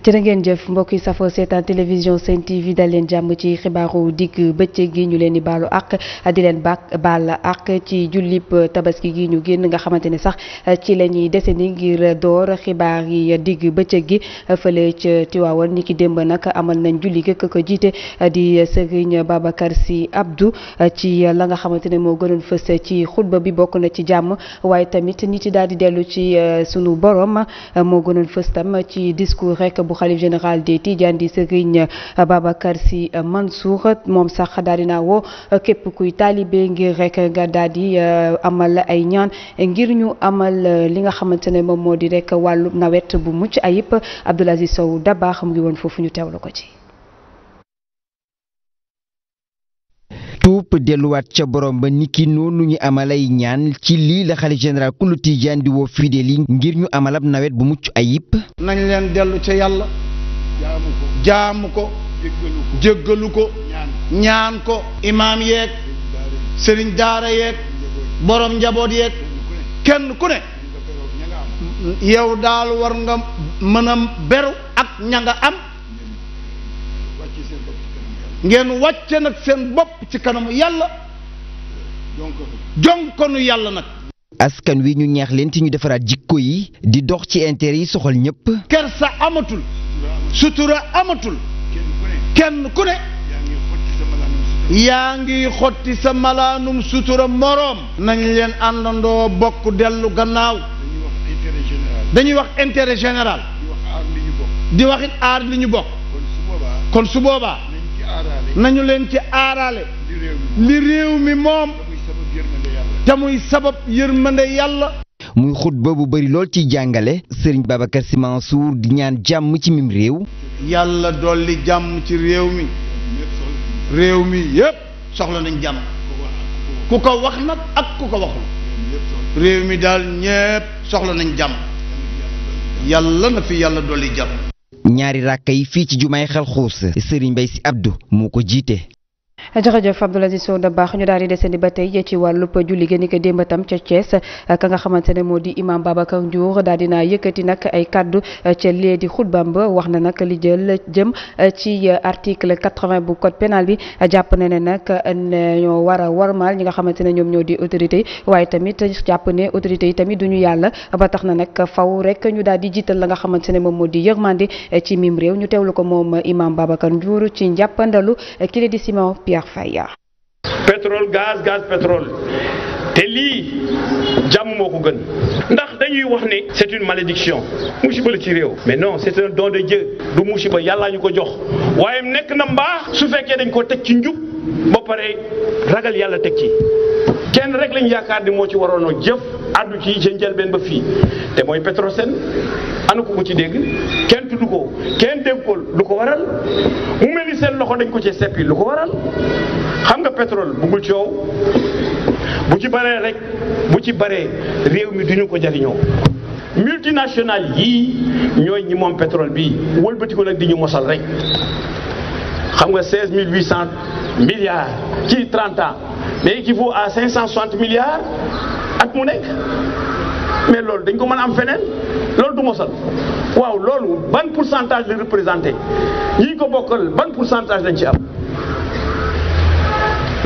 jërë ngeen jëf mbokk yi safoo seetaan télévision Sen TV dal leen jàmm ci xibaaru digg bëccëg gi ñu leen di baalu àq di leen bak baal àq ci jullib tabaski gi ñu génn nga xamante ne sax ci la ñuy ni ngir door xibaar yi digg bëccëg gi fële ci Tiwaawan ni ki démb nag amal nañ julli gëkk ko jiite di Serigne Babacar Sy Abdou ci la nga xamante ne moo gënoon fës ci xutba bi bokk na ci jàmm waaye tamit ñi ci daal di dellu ci sunu borom moo gënoon fës ci bu xalif général des Tidiane di Serigne Babacar Sy Mansour moom sax daal di naa woo képp kuy taalibe ngir rek nga daal euh, amal ay ñaan ngir ñu amal euh, li nga xamante ne moom moo di rek wàllu nawet bu mucc ayib Abdoul Aziz Sow Dabakh mu ngi woon foofu ñu teewlu ko ci. ñëpp delluwaat ca boroom ba niki noonu ñu amalay ñaan ci lii la xalif général kullu tijaan di woo fidèles ngir ñu amalab nawet bu mucc ayib. nañ leen dellu ca yàlla. jaamu ko jéggalu ko ñaan ko imaam yeeg sëriñ daara yeeg boroom njaboot yeeg kenn ku ne yow daal war nga mën a beru ak ña nga am. ngeen wàcce nag seen bopp ci kanamu yàlla jonkonu yàlla nag askan wi ñu ñeex leen ci ñu defaraat jikko yi di dox ci intérêt yi soxal ñépp kersa amatul sutura amatul kenn ku ne yaa ngi xotti sa malaanum sutura moroom nañ leen àndandoo bokk dellu gannaaw dañuy wax intérêt général di waxit aar li ñu bokk kon su boobaa nañu leen ci aaraale li réew mi moom te muy sabab yërmande yàlla muy xutba bu bari lool ci jàngale sëriñ Babacar Sy Mansour di ñaan jàmm ci mim réew yàlla dolli jàmm ci réew mi réew mi yépp soxla nañ jàmm ku ko wax nag ak ku ko waxul réew mi daal ñépp soxla nañ jàmm yàlla na fi yàlla dolli jàmm ñaari rakka yi fii ci jumaay xel xuus Serigne Mbaye Sy Abdou moo ko jiite jërëjëf Abdoul Aziz Sow Dabakh ñu daal di desandi ba tey ci wàllub julli gi ni ko démb tam ca Thiès ka nga xamante ne moo di imam Babacar Ndiour daal dinaa yëkkati nag ay kaddu ca di xutbam ba wax na nag li jël jëm ci article 80 bu code pénal bi jàpp na ne nag war a warmaal ñi nga xamante ne ñoom ñoo di autorité waaye tamit jàpp ne autorité yi tamit duñu yàlla ba tax na nag faw rek ñu daal di jiital la nga xamante ne moom moo di yërmande ci mim réew ñu teewlu ko moom imam Babacar Ndiour ci njàppandalu kii Simon Pierre Cheikh Faya. pétrole gaz gaz pétrole te lii jàmm moo ko gën ndax dañuy wax ne c'est une malédiction musiba la ci réew mais non c'est une don de Dieu du musiba yàllaa ñu ko jox waaye nekk na mbaax su fekkee dañ ko teg ci njub ba pare ragal yàlla teg ci kenn rek lañ yaakaar ni moo ci waroon jëf addu ci ca njëlbeen ba fii te mooy Petrosen anu ko ko ci dégg kenn tudd ko kenn dégg ko lu ko waral mu mel ni seen loxo dañ ko ci seppi lu ko waral xam nga pétrole buggul coow bu ci baree rek bu ci baree réew mi duñu ko jariñoo multinational yii ñooy ñi moom pétrole bi wëlbati ko nag di ñu mosal rek xam nga 16 800 milliards ci 30 ans mais équivaut à milliards at mu nekk mais loolu dañ ko mën a am feneen loolu du mosal waaw loolu ban pourcentage la représenté ñi ko bokkal ban pourcentage lañ ci am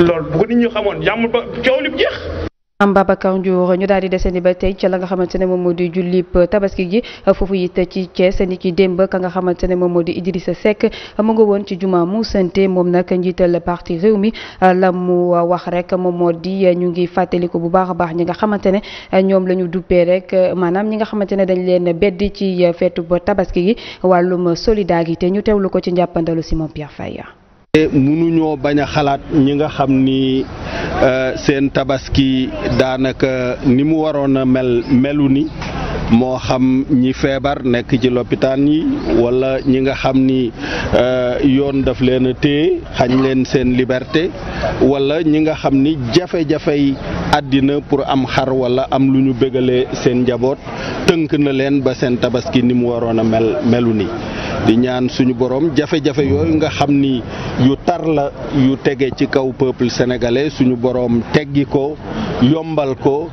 loolu boo ko nit ñi xamoon jàmm ba coow li jeex. am Babacar Ndiour ñu daal di desandi ba tey ca la nga xamante ne moom moo di jullib tabaski ji foofu it ci sa ni ki démb ka nga xamante ne moom moo di Idrissa Seck mu nga woon ci jumaa mu sante moom nag njiital parti réew mi la mu wax rek moom moo di ñu ngi fàttaliku bu baax a baax ñi nga xamante ne ñoom la ñu duppee rek maanaam ñi nga xamante ne dañ leen beddi ci feetu ba tabaski gi wàllum solidarité ñu teewlu ko ci njàppandalu Simon Pierre Faye mënuñoo bañ a xalaat ñi nga xam ni euh, seen tabaski daanaka ni mu waroon a mel melu ni moo xam ñi feebar nekk ci lopitaan yi wala ñi nga xam ni euh, yoon daf leen a xañ leen seen liberté wala ñi nga xam ni jafe-jafey àddina pour am xar wala am lu ñu bégalee seen njaboot tënk na leen ba seen tabaski ni mu waroon a mel melu ni di ñaan suñu borom jafe-jafe yooyu nga xam ni yu tar la yu tege ci kaw peuple sénégalais suñu borom teggi ko yombal ko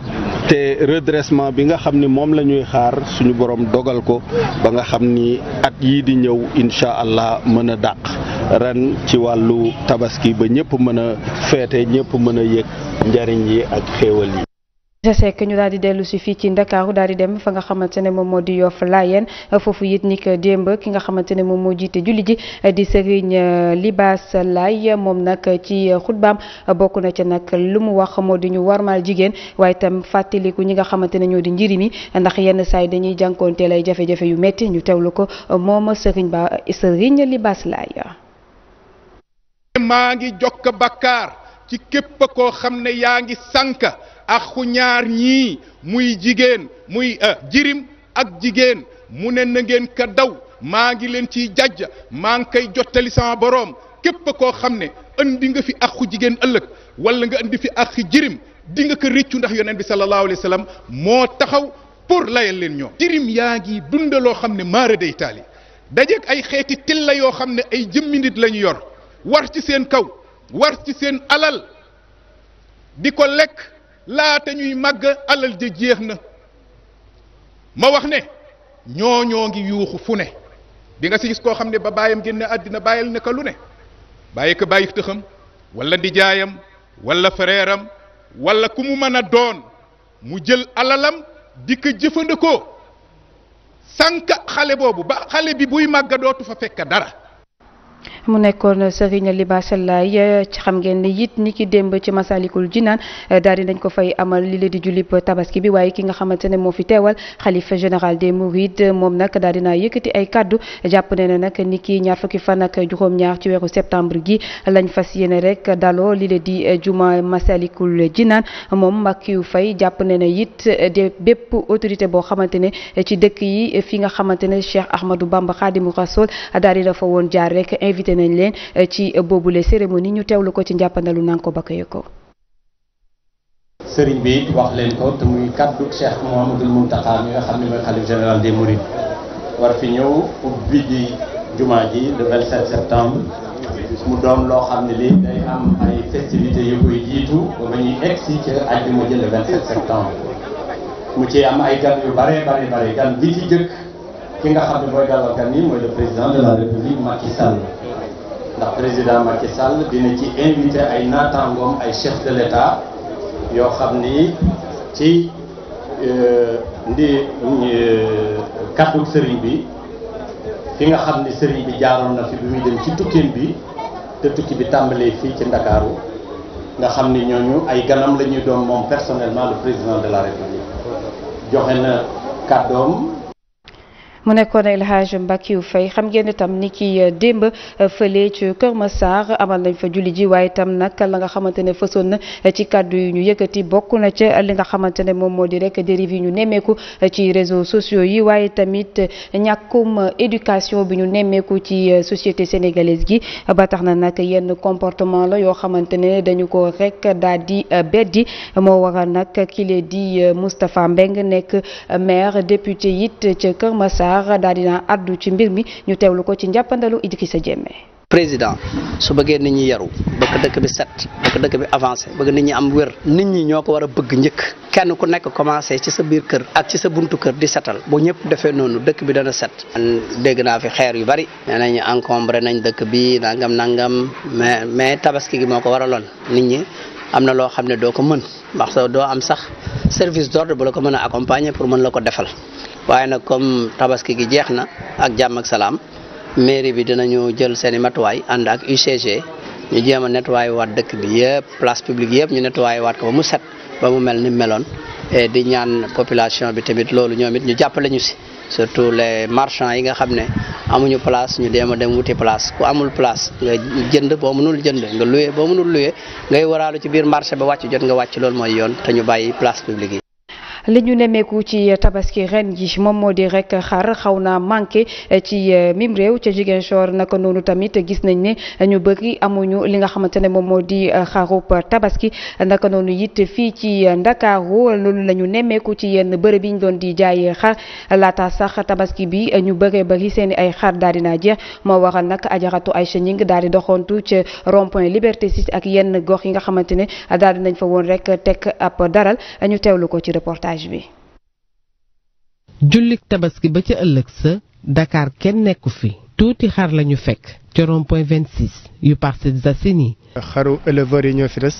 te redressement bi nga xam ni moom la ñuy xaar suñu borom dogal ko ba nga xam ni at yii di ñëw incha allah mën a dàq ren ci wàllu tabaski ba ñëpp mën a feete ñëpp mën a yëg njariñ yi ak xéewal yi Seck ñu daal di dellu si fii ci Ndakaaru daal di dem fa nga xamante ne moom moo di Yoff Layeen foofu it ni ko démb ki nga xamante ne moom moo jiite julli ji di Serigne euh, Libaas Laay moom nag ci euh, xutbaam bokk na ci nag lu mu wax moo di ñu warmaal jigéen waaye itam fàttaliku ñi nga xamante ne ñoo di njëriñ ndax yenn saa yi dañuy jànkonteel ay jafe-jafe yu metti ñu teewlu ko moom Serigne Ba Serigne Libaas Laay maa ngi jokk bakkaar ci képp koo xam ne yaa ngi sànk akku ñaar ñii muy jigéen muy euh, jirim ak jigéen mu ne na ngeen ka daw maa ngi leen ciy jaja maa ngi koy jottali sama boroom képp a koo xam ne andi nga fi akku jigéen ëllëg wala nga indi fi axi jirim di nga ko réccu ndax yonent bi sallallahu alayhi wa moo taxaw pour layal leen ñoo jirim yaa ngi dund loo xam ne maara day taali dajeeg ay xeeti tilla yoo xam ne ay jëmmindit lañu yor war ci seen kaw war ci seen alal di ko lekk laata ñuy màgg alal ja jeex na ma wax ne ñooñoo ngi yuuxu fu ne di nga ci gis koo xam ne ba baayam génn àddina bàyyil ne ka lu ne bàyyi ko bàyyi tëxam wala ndijaayam walla fereeram walla ku mu mën a doon mu jël alalam di ko jëfandikoo sànq xale boobu ba xale bi buy màgg dootu fa fekk dara mu nekkoon Serigne Libasse Laye eh, ci xam ngeen ne it ni ki démb ci Masalikul Jinaan eh, daal di nañ ko fay amal li la di julib tabaski bi waaye ki nga xamante ne moo fi teewal xalifa général des Mourides moom nag daal dinaa yëkkati ay kàddu jàpp ne ne nag ni ki ñaar fukki fan ak juróom-ñaar ci weeru septembre gi lañ fas yéene rek daloo li la di eh, juma Masalikul Jinaan moom Makiyu Faye jàpp ne ne it de bépp autorité boo xamante ne ci dëkk yi fi nga xamante ne Cheikh Ahmadou Bamba Khadimou Rassoul daal di la invité invité nañ leen euh, ci euh, boobule cérémonie ñu teewlu ko ci njàppandalu nanko ba koy ko sëriñ bi wax leen ko te muy kaddu Cheikh Mouhamadoul Mountakha war fi ñëw ubbi ji jumaa ji le septembre mu doon loo xam ne lii day am ay festivités yu koy jiitu ba ñuy egsi ci àjjuma ji le septembre mu ci am ay gan yu bare bare bare gan bi ci jëkk ki nga xam ne mooy dalal gan yi mooy le président de la république Macky Sall ndax président Macky Sall dina ci invité ay naataangoom ay chef de l'État yoo xam ni ci euh, ndi euh, kàddu sëriñ bi fi nga xam ni sëriñ bi jaaroon na fi bi muy dem ci tukkeem bi te tukki bi tàmbalee fii ci Ndakaaru nga xam ni ñooñu ay ganam la ñuy doon moom personnellement le président de la République joxe na kàddoom mu nekkoon El Hadj Mbakiou Faye xam ngeen itam ni ki euh, démb euh, fële ci Kër Massar amal nañ fa julli ji waaye itam nag la nga xamante ne fësoon na euh, ci kàddu yu ñu yëkkati bokk na ca li nga xamante ne moom moo di rek dérive yi ñu nemmeeku ci réseaux sociaux yi waaye tamit ñàkkum éducation bi ñu nemmeeku ci société sénégalaise gi ba tax na nag yenn comportement la yoo xamante ne dañu ko rekk daal di beddi moo waral nag kile di Moustapha Mbeng nekk maire député it ca Kër Sarr dina addu ci mbir mi ñu lu ko ci njàppandalu sa Diémé président su bëggee nit ñi yaru bëgg dëkk bi set dëkk bi avancé bëgg nit ñi am wér nit ñi ñoo ko war a bëgg njëkk kenn ku nekk commencé ci sa biir kër ak ci sa buntu kër di setal bu ñëpp defee noonu dëkk bi dana set dégg naa fi xeer yu bari nee nañu encombré nañ dëkk bi nangam nangam mais mais tabaski gi moo ko waraloon nit ñi am na loo xam ne doo ko mën ndax doo am sax service d'ordre bu la ko mën a accompagner pour mën la ko defal waaye nag comme tabaski gi jeex na ak jàmm ak salaam mairie bi dina dinañu jël seen i matuwaay ànd ak UCG ñu jéem a nettoyé waat dëkk bi yëpp place publique yëpp ñu nettoyé waat ko mu set ba mu mel ni meloon di ñaan population bi tamit loolu ñoom it ñu jàppale ñu si surtout le marchands yi nga xam ne amuñu place ñu dem a dem wuti place ku amul place nga jënd boo mënul jënd nga loué boo mënul loué ngay waraalu ci biir marché ba wàcc jot nga wàcc loolu mooy yoon te ñu bàyyi yi. li ñu nemmeeku ci tabaski ren ji moom moo di rek xar xaw naa manqué eh, ci eh, mim réew ca Ziguinchor naka noonu tamit gis nañ ne ñu bëri amuñu li nga xamante ne moom moo di eh, xarub tabaski naka noonu it fii ci Ndakaaru loolu la ñu nemmeeku ci yenn bërëb yi ñu doon di jaay xar laata sax tabaski bi ñu bëree bëri seen i ay xar daal di naa jeex moo waral nag ajaratu ay Ñing daal di doxantu ci rond-point Liberté 6 ak yenn gox yi nga xamante ne daal di nañ fa rek teg ab daral ñu teewlu ko ci reportage message bi. jullik tabaski ba ca ëllëg sa dakaar kenn nekku fi tuuti xar lañu fekk ca rond-point 26 yu Parcelles Assainies yi. xaru éleveurs yi ñoo fi des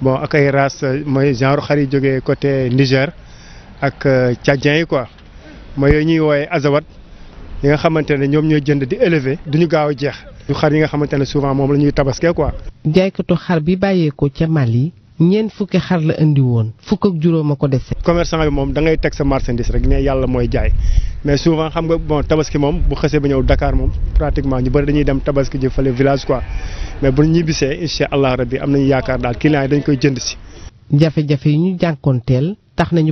bon ak ay race mooy genre xari yi jógee côté Niger ak euh, Tchadien yi quoi mooy yooyu ñuy wooye azawat yi nga xamante ne ñoom ñooy jënd di élever duñu gaaw a jeex. yu xar yi nga xamante ne souvent moom la ñuy tabaskee quoi. jaaykatu xar bi bàyyeekoo ca Mali. ñeent fukki xar la indi woon fukk ak juróom a ko dese. commerçant bi moom da ngay teg sa marchandise rek ne yàlla mooy jaay mais souvent xam nga bon tabaski moom bu xasee ba ñëw Dakar moom pratiquement ñu bëri dañuy dem tabaski ji fële village quoi mais bu ñibbisee incha allah rabbi am nañu yaakaar daal client yi dañ koy jënd si. jafe-jafe yi ñu jànkoonteel tax nañu.